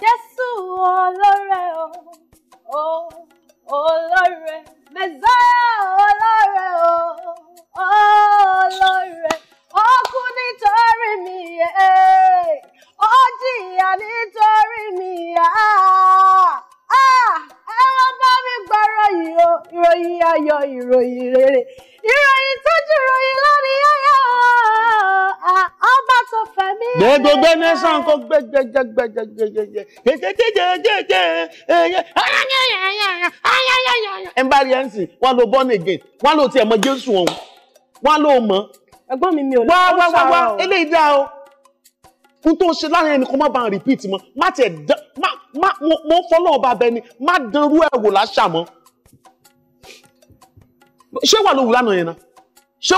Jésù olóore o olóore Mèsáyà olóore o olóore ó kú nítorí mi e, ó jìyà nítorí mi ẹ lọ bá mi gbọ́ ìròyìn ayọ̀ ìròyìn rere ìròyìn tó jù ìròyìn lónìí gbẹgbẹgbẹ nẹsàn kó gbẹgbẹgbẹgbẹgbẹgbẹ born again wọn lo tiẹ̀ mọ Jésù ọ̀hún wọn lo mọ. ẹ̀gbọ́n mi mi ò lè fọ sára o wá wá wá eléyìí dá o fún tó ń ṣe repeat mọ́ má tiẹ̀ dán má má mo fọlọ́ ọba abẹ ni má dánrú ẹ̀ wò láṣà mọ́ ṣé wà ló wù lánàá yẹn náà ṣé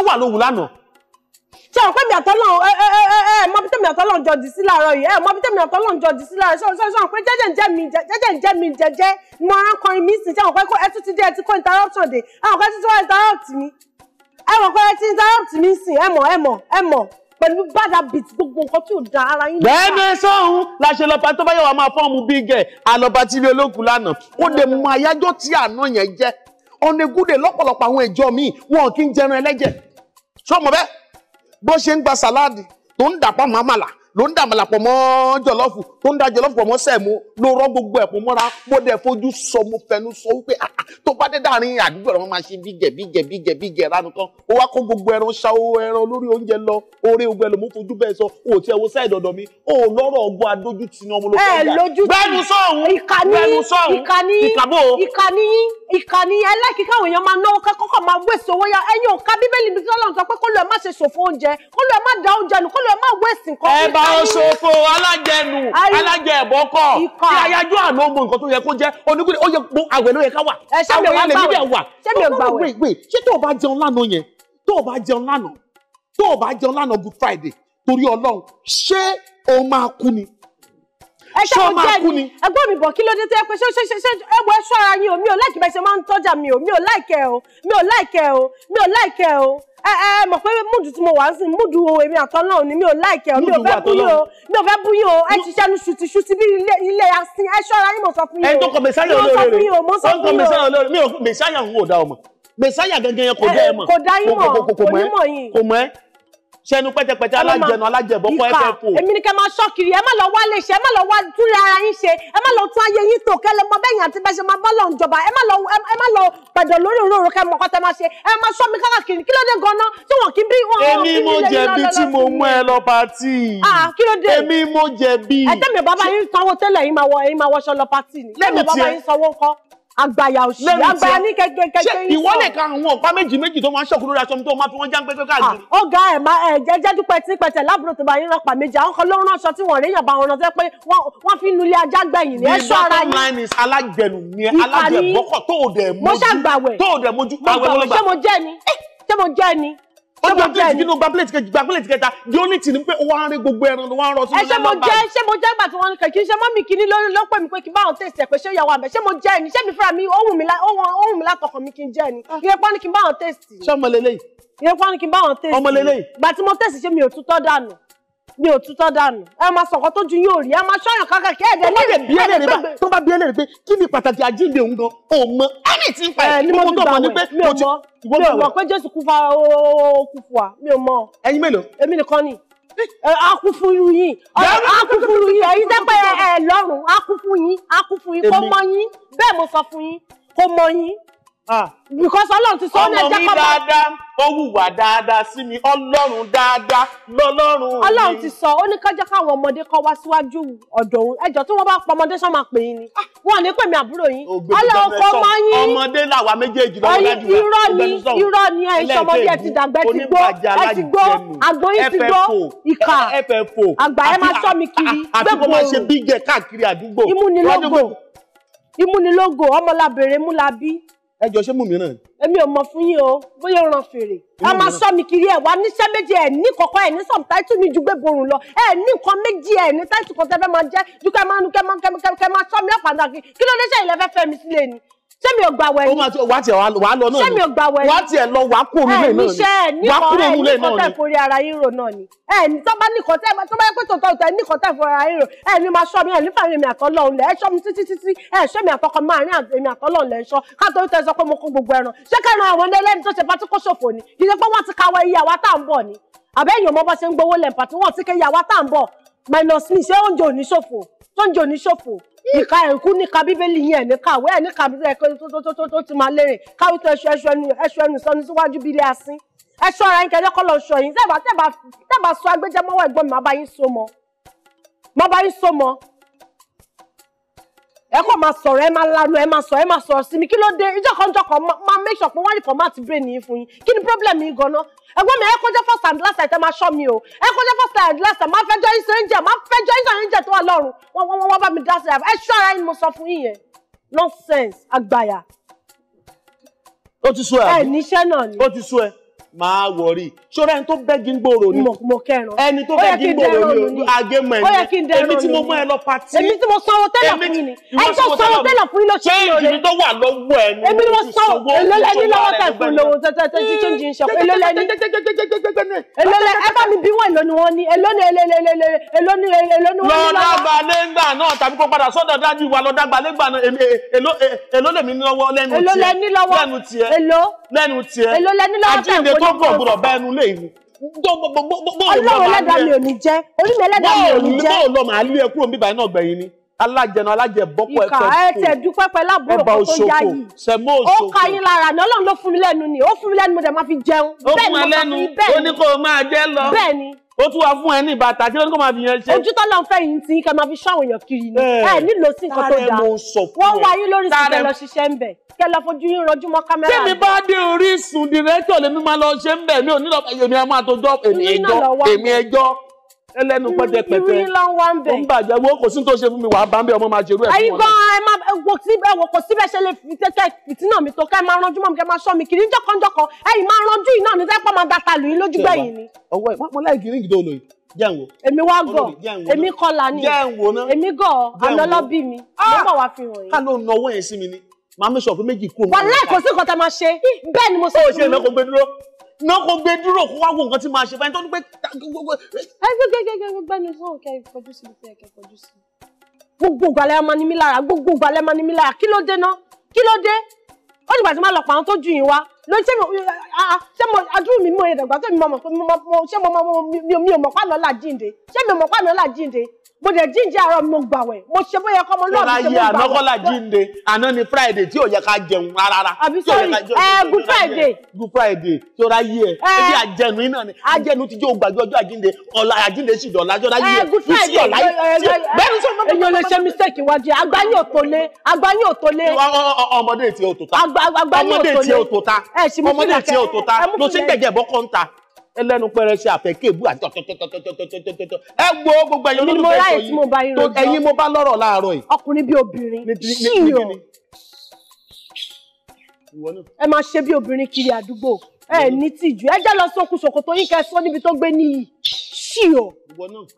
ṣé o pé mi àtọ́lọ́run ẹ ẹ ẹ ẹ mọ bí tèmi àtọ́lọ́run jọ dì sí láàárọ̀ yìí ẹ mọ bí tèmi àtọ́lọ́run jọ dì sí láàárọ̀ ṣé o ṣé o pé jẹ́jẹ́ ń jẹ́ mi jẹ́jẹ́ ń jẹ́ mi jẹ́jẹ́ mo ara ń kọrin mi sìn ṣé o pé ẹ tún ti dé ẹ ti kó interruption de, ẹ mọ̀ pé títí wọ́n interrupt mi ẹ mọ̀ pé ẹ ti interrupt mi sìn ẹ mọ̀ ẹ mọ̀ ẹ mọ̀ pẹ̀lú bad habit gbogbo nǹkan tí ò da ara yín. bẹ́ẹ̀ni sọ́hun láṣẹ lọ́ba tó bá yẹ wàá máa fọ́ọ̀mù bíi gẹ̀ àlọ́ba tí ilé olókùn lánàá ó lè mọ àyájọ́ tí àná yẹn jẹ́ ọ̀nẹ́gúdẹ̀ lọ́pọ̀lọpọ̀ àwọn ìjọ míì wọn kì í jẹran ẹlẹ́jẹ̀ sọ́mọ bẹ́ẹ̀ bó ṣe ń gba sàláàdì tó ń dàpọ̀ mọ́ àmàlà ló ń dà àmàlà pọ̀ mọ́ jọ̀lọ́fù tó ń dà jọ̀lọ́fù pọ̀ mọ́ sẹ̀mú ló rọ́ gbogbo ẹ̀pọ̀ mọ́ra mo dẹ̀ fojú sọ mo fẹnu sọ wípé ah, ah, tó bá dé dáàrin àdúgbò rẹ̀ wọ́n máa ṣe bíjẹ̀ bíjẹ̀ bíjẹ̀ bíjẹ̀ ránu tán ó wá kó gbogbo ẹran ṣa owó ẹran lórí oúnjẹ lọ oore ogun ẹlòmó fojú bẹ́ẹ̀ sọ o ti ẹwo sáì dọ̀dọ̀ mi o lọ́rọ̀ ọgbọ́n adójú ti ni ọmọ ló fẹ́ yà bẹ́ẹ̀nu sọ̀hún bẹ́ẹ̀nu sọ̀hún ìkànnì ìkàbò ìkànnì ìkànnì ẹlẹ́kìkà àwọn èèyàn máa náwó kọ́kọ́ máa wẹ̀sì owó ya ẹ̀yin ò ka bíbélì bí tọ́lọ́run sọ pé kó lóò ẹ má ṣe ṣòfò oúnjẹ òṣòfò alájẹnu alájẹ ẹ̀bọ́kọ̀ kí ayájọ́ àná mọ nǹkan tó yẹ kó jẹ́ onígbìrì ó yẹ gbó àwẹ̀ ló yẹ ká wà àwọn èèyàn lè níbẹ̀ wà ṣé tó o bá jẹun lánàá yẹn tó o bá jẹun lánàá tó o bá jẹun lánàá good friday torí ọlọ́run ṣé o máa kú ni ẹ ṣe mo jẹ́ ni ẹgbọ́n mi bọ̀ kí ló dé tẹ́ pé ṣé ṣé ṣé ẹ wọ ẹṣọ́ ara yín o mi ò láìkí bẹ́ẹ̀ ṣe máa ń tọ́jà mi o mi ò láìkẹ́ o mi ò láìkẹ́ o mi ò láìkẹ́ o ẹ ẹ mọ̀ pé múdù tí mo wà ń sìn múdù o èmi àtọ́nà ò ní mi ò láìkẹ́ o mi ò fẹ́ bú yín o mi ò fẹ́ bú yín o ẹ ṣiṣẹ́ nu ṣùtì ṣùtì bí ilé asin ẹṣọ́ ara yín mo sọ fún yín o ẹ tó kọ mẹsáyà olóore rẹ mo sọ fún yín o mo sọ fún yín o mẹsáyà gangan yẹn kò dá ẹ mọ̀ kò dá yín mọ̀ kò mọ̀ ẹ́ ṣẹnu pẹ́tẹpẹ́tẹ alájẹnu alájẹbọ kọ́ ẹ fẹ́ fò. èmi ni kẹ́ máa ṣọ́ kiri ẹ má lọ wá lè ṣe ẹ má lọ wá túnra ara yín ṣe ẹ má lọ tún ayé yín tò kẹlẹ mọ bẹ́yìn àti bẹ́ẹ̀ máa bọ́lọ̀ ìjọba ẹ má ẹ má lọ pẹ̀dọ̀ lórí òróró kẹ́ mọ̀ kọ́tẹ́ máa ṣe ẹ máa ṣọ́ mi káàkiri kí ló dé gan-an tí wọ́n kí bí wọ́n èmi mo jẹ̀bi tí mo mú ẹ lọ pàtì. Ah, èmi mo jẹ̀bi. ẹ tẹ́mi bàbá yín sanwó tẹ́lẹ̀ yín máa wọṣọ àgbàyà òṣì àgbàyà ní kẹkẹ kẹkẹ yín sọ. ìwọ lè ka àwọn ọ̀pá méjì méjì tó máa ń ṣọ̀kú lórí aṣọ tó máa fi wọ́n jáǹpẹ́ tó káàkiri. Ah, ọ̀gá ẹ̀ máa ẹ̀ jẹ́ dúpẹ́ tí pẹ̀tẹ̀ lábúrò tó bá yín rọpa méjì àwọn kan ló ń ránṣọ tí wọ́n rí yàn bá wọn rántí pé wọ́n fi nulẹ̀ ajá gbẹ̀yìn ní ẹ̀ṣọ́ ara yín. ìbátan alágbẹ̀nu ni ó gba plate kí ló gba plate kejì gba plate kẹta the only thing ni pé ó wá ń rí gbogbo ẹran ló wá ń rọ sínú lẹ́nu bá. ẹ ṣé mo jẹ́ ìgbà tí wọ́n ń kẹ́ kí n ṣe mọ́ mi kí ni ló pè mí pé kí n bá wọn tẹ̀sí ẹ̀ pé ṣé ìyàwó àbẹ̀ ṣé mo jẹ́ ẹni ṣé mi ọmọ lélẹ́yìí. ọmọ lélẹ́yìí. gbà mo tẹ̀sí ṣé mi ò tútọ́ dànù mi ò tutọ́ dànù ẹ máa sọ̀kọ́ tó ju yóò rí ẹ máa ṣọ́yàn kankan kí ẹ̀dẹ̀ lè bí ẹ lè bá tó bá bí ẹ lè pé kí ni pàtàkì àjíǹde òun gan ò mọ ẹni tí ń pa ẹ ní mo tó mọ ni pé mi ò mọ mi ò mọ pé Jésù kú fa kú fún wa mi ò mọ. ẹyin mélòó. èmi nìkan ni akú fún yín akú fún yín ẹyin tẹ ẹ lọ́rùn akú fún yín akú fún yín kó mọ yín bẹ́ẹ̀ mo sọ fún yín kó mọ yín Ah. because ọlọ́run ti sọ ọ́ náà jẹ́ kọ́ bá. ọmọ mi dáadáa ó wùwà dáadáa sí mi ọlọ́run dáadáa lọ́lọ́run mi. ọlọ́run ti sọ ó ní ká jẹ́ káwọn ọmọdé kan wá síwájú ọ̀dọ̀ òun ẹjọ́ tí wọ́n bá pa ọmọdé sọ́n máa pè yín ni ah. wọn ò ní pè mí àbúrò yín ọlọ́run kọ́ ọmọ yín ọmọdé làwa méjèèjì lọ́wọ́ lájú wa irọ́ ni irọ́ ni ẹ̀ ìṣọmọdé ẹ̀ ti dàgbẹ́ ti gbó ẹ̀ ti gbó àgbọ̀ yín ti gbó ìkà àgbà ẹ̀ máa sọ́ mi kiri gbẹ́gbòòrò ìmúnilógo ìmúnilógo ọmọlábèrè múlábí ẹ jọ ṣé mú mi náà. èmi ò mọ̀ fún yín o bóyá ó fèrè a máa sọ mi kiri ẹ wá níṣẹ́ méjì ẹ ní kọkọ ẹ ní sọmtáìtù ní ju gbé borun lọ ẹ ní nǹkan méjì ẹ ní táìtù kan tẹfẹ máa jẹ ju máa nu kẹ máa kẹ máa sọ kí ló dé ṣe ilẹ̀ fẹ́ fẹ́ mi sílẹ̀ ni ṣé mi ò gbà wẹ̀ ni wà á tiẹ̀ wà á lọ náà ni ṣé mi ò gbà wẹ̀ ni wà á tiẹ̀ lọ wà á kú òrùlé náà ni wà á kú òrùlé náà ni ẹ ní kọ́tẹ́ forí ara yín rò náà ni ẹ ní tọ́ba ní kọ́tẹ́ tọ́ba yẹ pé tòótọ́ tẹ ní kọ́tẹ́ forí ara yín rò ẹ ní máa ṣọ́ mi ẹ ní fàmí mi àtọ́lọ́ òun lẹ̀ ẹ ṣọ́ mi títí títí ẹ ṣọ́ mi àtọkọ máa rí èmi àtọ́lọ́ òun lẹ̀ ń ṣọ́ ká torí tẹ sọ pé mo kó gbogbo ẹran ṣé kẹrin àwọn ilé ẹlẹ́ni tó ṣe pátí kó ṣòfò ni kì í ṣe pé wọ́n ti kawọ iye àwa tá à ń bọ̀ ni àbẹ́yìn ọmọ bá ìka ẹ̀kú níka bíbélì yín ẹ̀ níka àwẹ́ ẹ̀ níka tó ti máa lérè káwí tó ẹṣu ẹṣu ẹnu ẹṣu ẹnu sọnù síwájú bí ilé asín ẹṣu ara yín kẹjọ kọ́ lọ sọ yín tẹ́ẹ̀bà tẹ́ẹ̀bà sọ agbẹjẹmọ́wọ́ ẹ̀gbọ́n mi máa bá yín so mọ́ máa bá yín so mọ́ ẹ kàn máa sọ̀rọ̀ ẹ máa lanu ẹ máa sọ ẹ máa sọ̀rọ̀ sí mi kí ló dé ìjọkànjọkàn máa make sure pé wọ́n rí format brain yìí fún yín kí ni problem yìí gan-an ẹgbọ́n mi ẹ kọjá first and last item aṣọ mi o ẹ kọjá first and last item máa fẹjọ́ yín sẹ́yìn jẹ́ máa fẹjọ́ yín sẹ́yìn jẹ́ tó wà lọ́rùn wọ́n wọ́n wọ́n bá mi dá sí ẹ ṣọ́ ara yín mo sọ fún yín yẹn nonsense àgbàyà. ó ti sú ẹ ni ó ti sú ẹ máa wọrí ṣọ́ra ẹni tó bẹ́gi ń gbòòrò ni ẹni tó bẹ́gi ń gbòòrò ni àgémọ̀ ẹni èmi tí mo mọ ẹ lọ pàtí èmi tí mo sanwó tẹ́lọ̀ fún yín ni ẹni tó sanwó tẹ́lọ̀ fún yín ló ṣe é lóore èmi tó wà lọ́wọ́ ẹ ni èmi ni mo sanwó èlólẹ́ni lọ́wọ́ tẹ̀ fún lówó tẹ́tẹ́ tí tó ń jí iṣẹ́ èlólẹ́ni èlólẹ́ ẹ bá mi bí wọ́n èlóni wọn ni èlóni èlóni èlóni wọn ni lọ́wọ́. lọ́dàgbà lẹ́gbà náà tàbí kó padà sọ́dọ̀ dájú wa lọ́dàgbà lẹ́gbà náà èlólẹ́mi lọ́wọ́ lẹ́nu tiẹ̀ lẹ́nu tiẹ̀ lẹ́nu tiẹ̀ tó gbọ̀ gbọ́dọ̀ bá ẹnu lé ìlú. ọlọ́run ẹlẹ́dàá mi ò ní jẹ́ orí mi ẹlẹ́dàá mi ò ní jẹ́. bọ́ọ̀ lọ màá lé ẹ kúrò níbà iná ọgbẹ̀yìn ni alájẹnu alájẹbọpọ ẹfẹ fún ẹ tẹ dúpẹ́ pẹ̀lú àbúrò kan tó yá yìí sẹmó òṣòfò ó ka yín lára ni Ọlọ́run ló fún mi lẹ́nu ni ó fún mi lẹ́nu mo dẹ máa fi jẹun bẹ́ẹ̀ ni mo máa fi bẹ́ẹ̀ ni ó ní kó máa jẹ lọ bẹ́ẹ̀ ni ó tún wá fún ẹ ní bàtà kí ló ní kó máa fi yẹn ṣe. ojú tọ́lọ̀ ń fẹ́ yín tí kẹ́ máa fi ṣáwọn èèyàn kiri ni eh, ẹ nílò sí nǹkan tó dáa wọ́n wá yín lórí sí kẹ́ ṣiṣẹ́ ń bẹ̀ kẹ́ fojú yín rọjú mọ́ kámẹ́rà. tí mi bá dé Orísun dìrẹ́tọ̀ lèmi máa lọ ṣe ń bẹ̀ mi ò nílò èmi ẹjọ́ èmi ẹjọ́ ẹlẹ́nu pẹ́tẹpẹ́tẹ ìrìn lọ wá ń bẹ̀. ó ń bàjẹ́ wo kò sí tó ṣe fún mi wàá bá ń bẹ ọmọ máa ṣerú ẹ̀ fún wọn. ayi gan ẹ má wo síbẹ̀ wo kò síbẹ̀ ṣe lè fi tẹ́tẹ́ fìtínà mi tó ká ẹ máa ranjú mọ́ mi kẹ́ máa ṣọ́ mi kiri jọ́kànjọ́kàn ẹ̀yìn máa ranjú iná mi sẹ́pọ̀ máa dàtà lù yín lójúgbẹ̀yìn ni. ọwọ́ ẹ̀ wọ́n láì kiri ìgìdó olóyè jẹ́ǹwó. èmi wá gọ̀ èmi kọlà ni èmi gọ̀ àlọ́lọ́bí mi ló ah! bọ̀ wá fi hàn yín. ká ló ń nọwọ́ yẹn a máa náà kò gbé dúró kó wá wo nǹkan tí màá ṣe báyìí tó ní pé. ẹ gbẹgbẹgbẹ gbẹnu fún òkè ìfọjú sí ibi ẹkẹ ìfọjú sí. gbogbo ìgbàlẹ̀ ọmọ ni mí lára gbogbo ìgbàlẹ̀ ọmọ ni mí lára kí ló dé náà kí ló dé ó dìgbà tí máa lọ pa àwọn tó ju yìí wá lórí ṣé mo ṣé mo adúrú mi mọ ìdàgbà tó mi mọ mọ ṣé mo mi ò mọ̀ pàlọ́ là jíǹde mọ̀ pàlọ́ là mo dẹ̀ jíǹde àárọ̀ mo gbàwẹ̀ mo ṣe bóyá kọ́ mo lọ́ọ̀bù ṣe mo gbàwẹ̀. àná kọ́lá jíǹde àná ni friday tí o yẹ ká jẹun rárá. àbí sọ́ọ̀rì ẹ eh, good friday. good friday tí ó rá yí ẹ ẹbí eh. àjẹnu iná ni àjẹnu ti o ògbàgbé ọjọ́ àjínde ọ̀la àjínde sì dọ̀la tí ó rá yí eh, ẹ good friday bẹ́ẹ̀ni sọ ma. èèyàn lè ṣe mistake iwájú agbáyé ò tó lé agbáyé ò tó lé. ọmọdé tiẹ̀ ò tó ta ọmọdé tiẹ̀ ò tó ta lọ sí gbẹ̀gẹ̀ bọ́ kọ́ńtà ẹlẹ́nu pẹrẹsẹ àfẹ́kébù àti tọ́tọ́tọ́tọ́tọ́tọ́tọ́ ẹ wo gbogbo ẹ̀yin olólùfẹ́ sọ tó ẹ̀yin mo bá lọ́rọ̀ láàárọ̀ yìí. ọkùnrin bí obìnrin ṣíyàn ẹ máa ṣe bí obìnrin kiri àdúgbò ẹ ní tìjú ẹ jẹ́ lọ sókun ṣòkòtò yín kẹsàn níbi tó gbé níyì ṣíyọ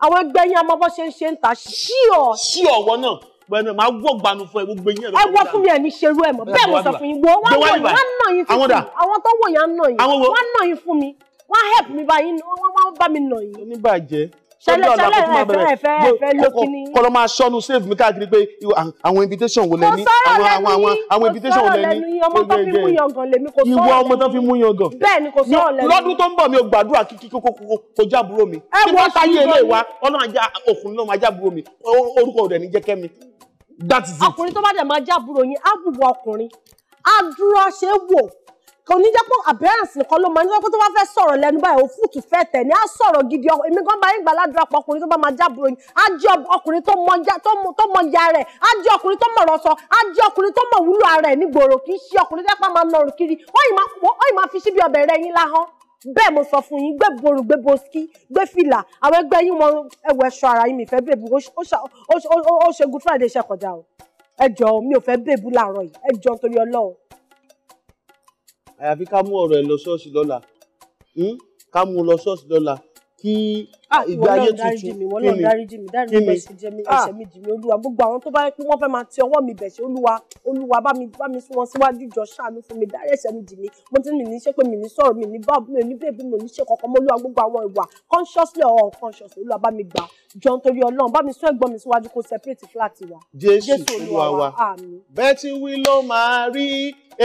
àwọn ẹgbẹ́ yín amọ́bọ́ ṣe ń ṣe ń ta ṣíyọ. ṣíyọ wọ náà bẹ́ẹ̀ni máa wọ gbanu fún ẹ gbogbo yín ẹ wọ fún mi ẹ ní ṣerú ẹ mọ bẹ́ẹ̀ mo sọ fún yín wọ wọn nà yín fún mi àwọn tó wọ yín nà yín wọn nà yín fún mi wọ́n help mi bá yín wọ́n wọ́n bá mi nà yín. oníbàjẹ́ ṣẹlẹ̀ ṣẹlẹ̀ ẹfẹ ẹfẹ ẹfẹ lókínì. kọlọ máa ṣọnu save mi káàkiri pé àwọn invitation wo lẹ ní àwọn àwọn àwọn àwọn invitation wo lẹ ní. ọmọ tó fi mú yangàn lèmi kò sọ̀rọ̀ lẹ́nu. ìwọ ọmọ tó fi mú yangàn. bẹ́ẹ̀ ni kò sọ̀rọ̀ lẹ́nu. lọ́dún tó ń bọ̀ mi ò gbàdúrà kíkí kó kọjá àbúrò mi. ẹ wọ sí ilé ilé wa ọlọ́run ajá òkùnrin náà máa já àbúrò mi orúkọ rẹ̀ ní jẹ́kẹ́ mi. that is it. ọkùnrin tó bá dẹ̀ máa já àbúrò yín á wùwọ ọkùnrin á dúró ṣe wò kò ní jẹ́ pé appearance nìkan ló máa ń jẹ́ pé tó bá fẹ́ sọ̀rọ̀ lẹ́nu báyìí ò fúùtù fẹ́ tẹ̀ ní á sọ̀rọ̀ gidi ọkùnrin èmi gan bá yín gbàládùra pọ̀ ọkùnrin tó bá máa jábúrò yín á jẹ́ ọkùnrin tó mọ ya rẹ̀ á jẹ́ ọkùnrin tó mọ̀rọ̀ sọ á jẹ́ ọkùnrin tó mọ̀ wúlò ara ẹ̀ nígboro kì í ṣe ọkùnrin tẹ́pá máa nọrù kiri ó yìí máa fi síbi ọbẹ̀ rẹ yín láhán bẹ́ẹ̀ mo sọ fún yín gbé borù gbé boski gbé fìlà àwọn ẹgbẹ́ yín wọn ẹwọ ẹ̀ṣọ́ ara yín mi fẹ́ bèbú ó ṣe good friday ṣe kọjá o ẹ jọ̀ọ́ mi ò fẹ́ bèbú láàárọ̀ yìí ẹ jọ̀ọ́ torí Ọlọ́run àyàfi ká mú ọ̀rọ̀ ẹ̀ lọ ṣọ́ọ̀ṣì lọ́la hmm? ká mú lọ ṣọ́ọ̀ṣì lọ́la kí ah, ìgbé ayé tuntun kí ni wọ́n náà dáríjì mi dáríjì mi ẹ̀ṣẹ̀ ah! olúwa gbogbo àwọn tó bá yẹ pé wọ́n fẹ́ máa ti ọwọ́ mi bẹ̀ṣẹ̀ olúwa olúwa bá mi bá mi sún wọn síwájú jọ ṣàánú fún mi dárí ẹ̀ṣẹ̀ mi jì mo ti mi ní ṣe pé mi ní sọ̀rọ̀ mi ní bá mi ní bèbí mi ní ṣe kankan mo olúwa gbogbo àwọn ìwà consciously or unconsciously olúwa bá mi gbà jọ nítorí ọlọ́run bá mi sún ẹ̀gbọ́n mi síwájú kó separate flat wa. jésù olúwa wa bẹ́ẹ̀ ti wí ló máa rí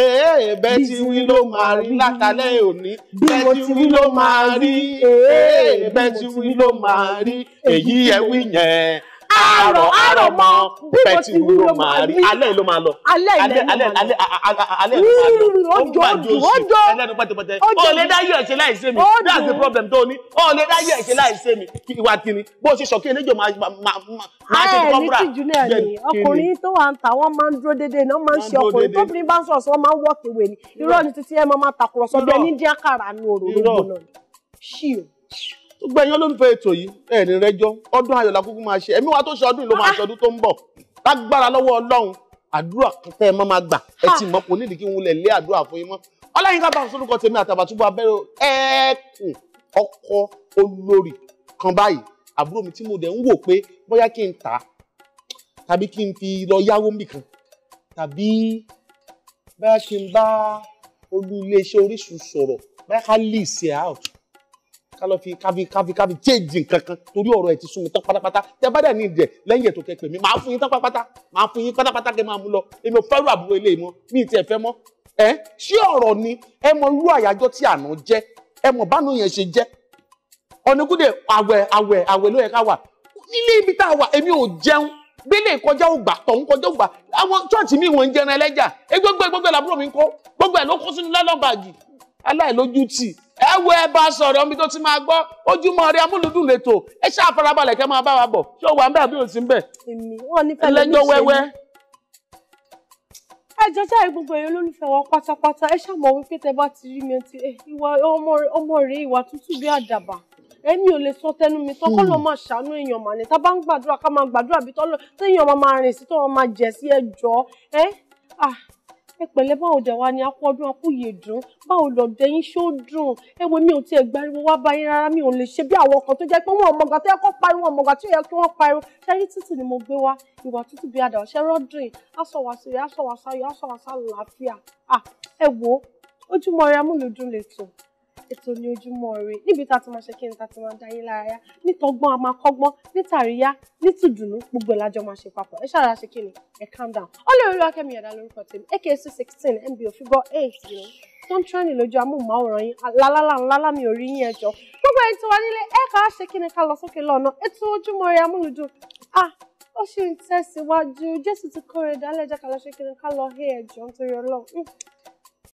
ee bẹ́ẹ̀ ti wí ló máa rí látàlẹ́ òní bẹ́ẹ̀ ti wí ló máa rí ee bẹ́ẹ̀ ti wí ló máa rí èyí ẹ wí yẹn àrò àrò mọ bí mo ti wí ló máa rí alẹ́ ló máa lọ alẹ́ ilẹ̀ ló máa lọ alẹ́ ló máa lọ ó gbà jòsù ẹlẹ́nu pẹ́tẹ́pẹ́tẹ́ ó lè dáyé ẹ̀ṣẹ̀ láì ṣe mi that's the problem tó ní ó lè dáyé ẹ̀ṣẹ̀ láì ṣe mi ìwà kìíní bó ṣe sọ̀kí eléjò máa ṣe kọ́kúrà ọkùnrin tó wà ń ta wọ́n máa ń dúró déédéé náà máa ń ṣe ọkùnrin tóbìnrin bá ń sọ̀rọ̀ sọ wọ́n máa ń wọ́ kéwé ni irọ́ ni títí ẹ máa máa tàkùrọ̀sọ bẹ́ẹ̀ ní díẹ̀ kàrà ní òróró gbóná ṣíò gbogbo ẹ̀yin olólùfẹ́ ètò yìí ẹ̀ ní rẹjọ́ ọdún ayọ̀ la kúkú máa ṣe ẹ̀mí wa tó ṣe ọdún yìí ló máa ṣe ọdún tó ń bọ̀ lágbára lọ́wọ́ ọlọ́run àdúrà tẹ́ ẹ mọ́ máa gbà ẹ ti mọ̀ kò nídìí kí n wulẹ̀ lé àdúrà fún yín mọ́ ọláyínká bá sórúkọ tèmi àtàbàtúbú abẹ́rẹ́ ẹ̀ẹ́kùn ọkọ olórí kan báyìí àbúrò mi tí mo dẹ̀ ń wò pé bóyá kí n tà á tàbí kí n fi lọ yáwó nìkan tàbí bóyá kí n bá olú iléeṣẹ́ Orísun sọ̀rọ̀ bóyá ká lease out ká lọ fi káfi káfi káfi chéèjì kankan torí ọ̀rọ̀ ẹ̀ ti sún mi tán pátápátá tẹ bá dẹ̀ ní ìdẹ̀ lẹ́yìn ètò kẹpẹ́ mi máa fún yín tán pátápátá máa fún yín pátápátá kẹ máa mú lọ èmi ò fẹ́rù àbúrò ilé mọ́ mi ti ẹ̀ fẹ́ mọ́ ẹ ṣé ọ̀rọ̀ ni ẹ mọ irú àyájọ́ tí àná jẹ́ ẹ mọ bánu yẹn ṣe jẹ́ ọ̀nìkúndé àwẹ̀ àwẹ̀ àwẹ̀ ló yẹ ká wà nílé ibi tá a wà èmi ò jẹun gbélé kọjá ògbà tọ̀hún kọjá ògbà àwọn chọ́ọ̀chì mi wọ́n ń jẹran ẹlẹ́jà egbogbo egbogbo làbúrò mi ń kọ́ gbogbo ẹ̀ ló kó sínú lálọ́gbàjì aláìlójútì ẹ wo ẹ bá sọ̀rọ̀ mi tó ti máa gbọ́ ojúmọ́ ire amúlùdùn lẹ́tọ̀ ẹ ṣáà farabalẹ̀ kẹ́ máa bá wa bọ̀ ṣé o wà ń bẹ̀ àbí o ti ń bẹ̀. èmi wọn ní fẹlẹ ní ìṣẹ̀lẹ̀ ẹ jọ jẹ́ gbogbo èèyàn olólùfẹ́ wa pátápátá ẹ ṣàmọ̀ wípé tẹ bá ti rí mi ti ìwà ọmọ rẹ ìwà tútù bí àdàbà èmi ò lè sọ tẹnu mi tán kọ́lọ́ máa ṣàánú èèyàn mà ní tá ń gbàdúrà ká máa gbàdúrà bí tọ́lọ́ téèyàn máa rìn sí tó ah ẹ pẹ̀lẹ́ báwo dẹ̀ wá ni akú ọdún akú yè dùn báwo lọ dẹyìn ṣó dùn ẹwọ mi ò tiẹ̀ gbariwo wá báyìí rárá mi ò lè ṣe bí àwọn ọkọ tó jẹ́ pé wọn ọmọgà tó yẹ kó pariwo ọmọgà tó yẹ kí wọ́n pariwo ṣáyé tútù ni mo gbé wá ìwà tútù bí adà ọ̀ṣẹ́ rọ́dìn aṣọwàṣẹ aṣọwàṣayọ aṣọwàṣà làáfíà ẹ wò ojúmọ́ ire amúlùdún lè tò ètò ní ojúmọ́ ire níbi tá a ti máa ṣe kí ni tá a ti máa dáyé lárayá nítọgbọ́n a máa kọ́gbọ́n nítàríyá nítùdùnú gbogbo ìlàjọ máa ṣe papọ̀ ẹ ṣàrà ṣe kí ni ẹ calm down ọlọ́run akẹ́mi ọ̀dà lórúkọ tèmi aka two sixteen mb òfìgbọ́ eight yìí tó ń tẹ́rìn lójú amóhùnmáwòrán yín lálálà ńlálà mi ò rí yín ẹjọ́ gbogbo ẹni tó wá nílé ẹ kà á ṣe kí ni ká lọ sókè lọ́nà ètò ojúmọ́ ire amúlùdùn ah ó ṣì ń tẹ̀síwájú jésù ti kórè dálẹ́jà ká lọ ṣe kí ni ká lọ hé ẹjọ́ nítorí ọlọ́run